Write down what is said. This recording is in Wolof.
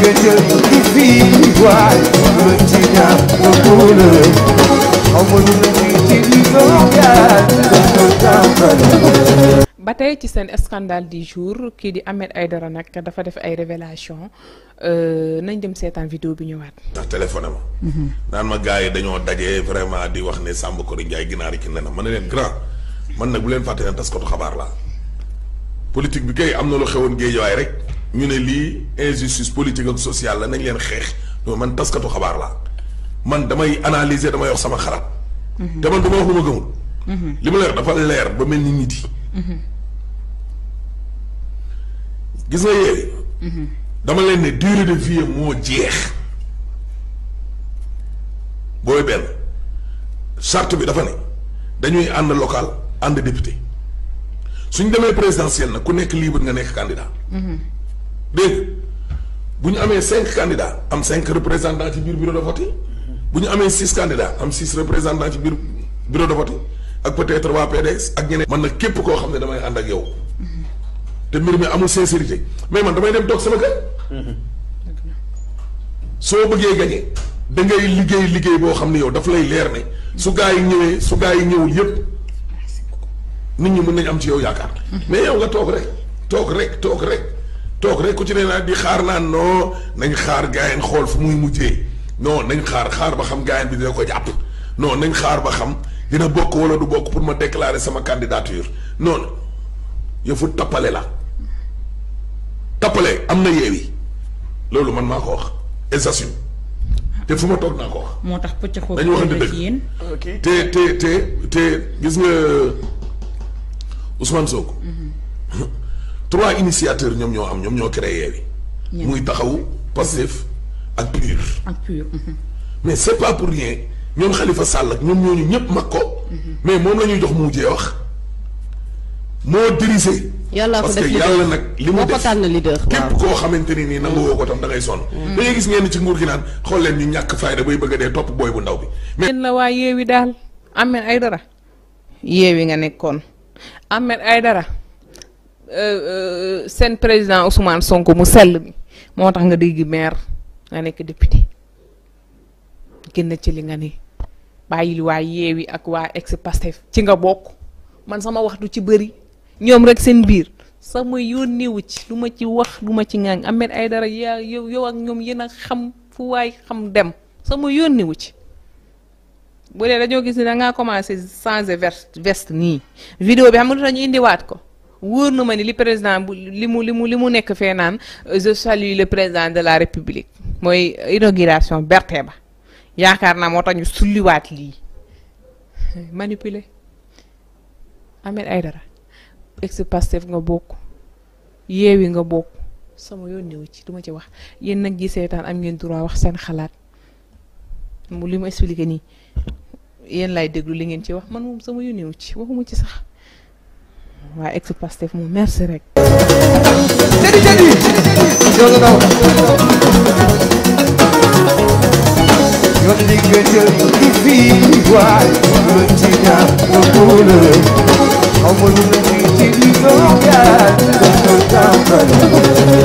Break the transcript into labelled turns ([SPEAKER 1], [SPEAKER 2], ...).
[SPEAKER 1] ba
[SPEAKER 2] tey ci seen scandale di jour kii di Ahmed dara nag dafa def ay révélation euh, nañ dem seetaan vidéo bi ñëwaat. ndax téléphone ma. Mhm.
[SPEAKER 1] naan ma gars yi dañoo daje vraiment di wax ne Samba Kory Ndiaye ginaar yi ci nenam mën na leen grand mën nag bu leen fàtte ne taskatu xabaar laa politique bi kay am na lu xewoon géej waay rek. ñu ne lii injustice politique ak sociale la nañ leen xeex non man taskatu xabaar laa man damay analyser damay wax sama xalaat. Mhm. te man dama wax lu ma gëmul. Mhm. li ma leer dafa leer ba mel ni nit yi. Mhm. gis nga yee. dama leen ne durée de vie moo jeex booy benn charte bi dafa ne dañuy ànd local ànd député suñ demee présidentielle na ku nekk lii libre nga nekk candidat. dégg bu ñu amee cinq candidats am cinq représentants ci biir bureau de vote bu ñu amee six am six représentants ci biir bureau de vote yi ak peut-être waa PDS ak ñeneen. man na képp koo xam ne damay ànd ak yow te mbir mi amul sincérité mais man damay dem toog sama kër. soo bëggee gañe da ngay liggéey liggéey boo xam ne yow daf lay leer ne su gaa yi ñëwee su gaa yi ñëwul yépp nit ñi mën nañ am ci yow yaakaar mais yow nga toog rek toog rek toog rek. toog rek ku ci nee naa di xaar naan non nañ xaar gaayen xool fu muy mujjee non nañ xaar xaar ba xam gaayen bi dina ko jàpp non nañ xaar ba xam dina bokk wala du bokk pour ma déclarer sama candidature noonu yëfu tappale la tappale am na yeewi loolu man maa ko wax et j'assume te fu ma toog naa ko wax.
[SPEAKER 2] moo tax pëcc xool dañu waxante dëgg
[SPEAKER 1] te te te te gis nga Ousmane Sonko. Mhm. trois initiateurs ñoom ñoo am ñoom ñoo créé yi muy taxaw Pastef ak PUR
[SPEAKER 2] ak mhm.
[SPEAKER 1] mais c'est pas pour rien ñoom Khalifa Sall ak ñoom ñooñu ñëpp mag ko mhm. mais moom la ñuy jox mu mujjee wax moo dirigé yàlla parce que yàlla nag li mu def képp koo xamante ni nii mhm. nangu woo ko tam da ngay sonn dañuy gis ngeen ci nguur gi naan xool leen ñu ñàkk fayda bay bëgg a dee topp booy bu ndaw bi
[SPEAKER 2] mais la waaye yeewi daal Ahmed Aïdara yeewi nga nekkoon ay dara Euh, euh, sen président Ousmane Sonko mu sel mi motax nga dégg maire nga nek député génn ci li nga ni bayil wa yewi ak wa ex Pastef ci nga bok man sama waxtu du ci beuri ñom rek sen bir sama wu ci luma ci wax luma ci ngang Ahmed ay dara yow yow ak ñom yena xam fu way xam dem sama wu ci bu le dañu gis na nga commencer changer veste veste bi xam lu ko wóor na ma ni li président bu li mu li mu li mu nekk fee naan je salue le président de la république mooy inauguration berte ba yaakaar naa moo tax ñu sulliwaat lii manipuler Ahmed Aidara ex-Pastef nga bokk yeewi nga bokk sama yoon ñëw ci du ma ci wax yéen nag ji seetaan am ngeen droit wax seen xalaat mu li mu expliqué nii yéen laay déglu li ngeen ci wax man moom sama yoon ñëw ci waxuma ci sax waaye ex Pastef moom merci rek. jadi jadi jooju ndaw
[SPEAKER 1] yoon liggéey yi fii waay lu ci ñaax lu tuula amul lu ci di doon yaay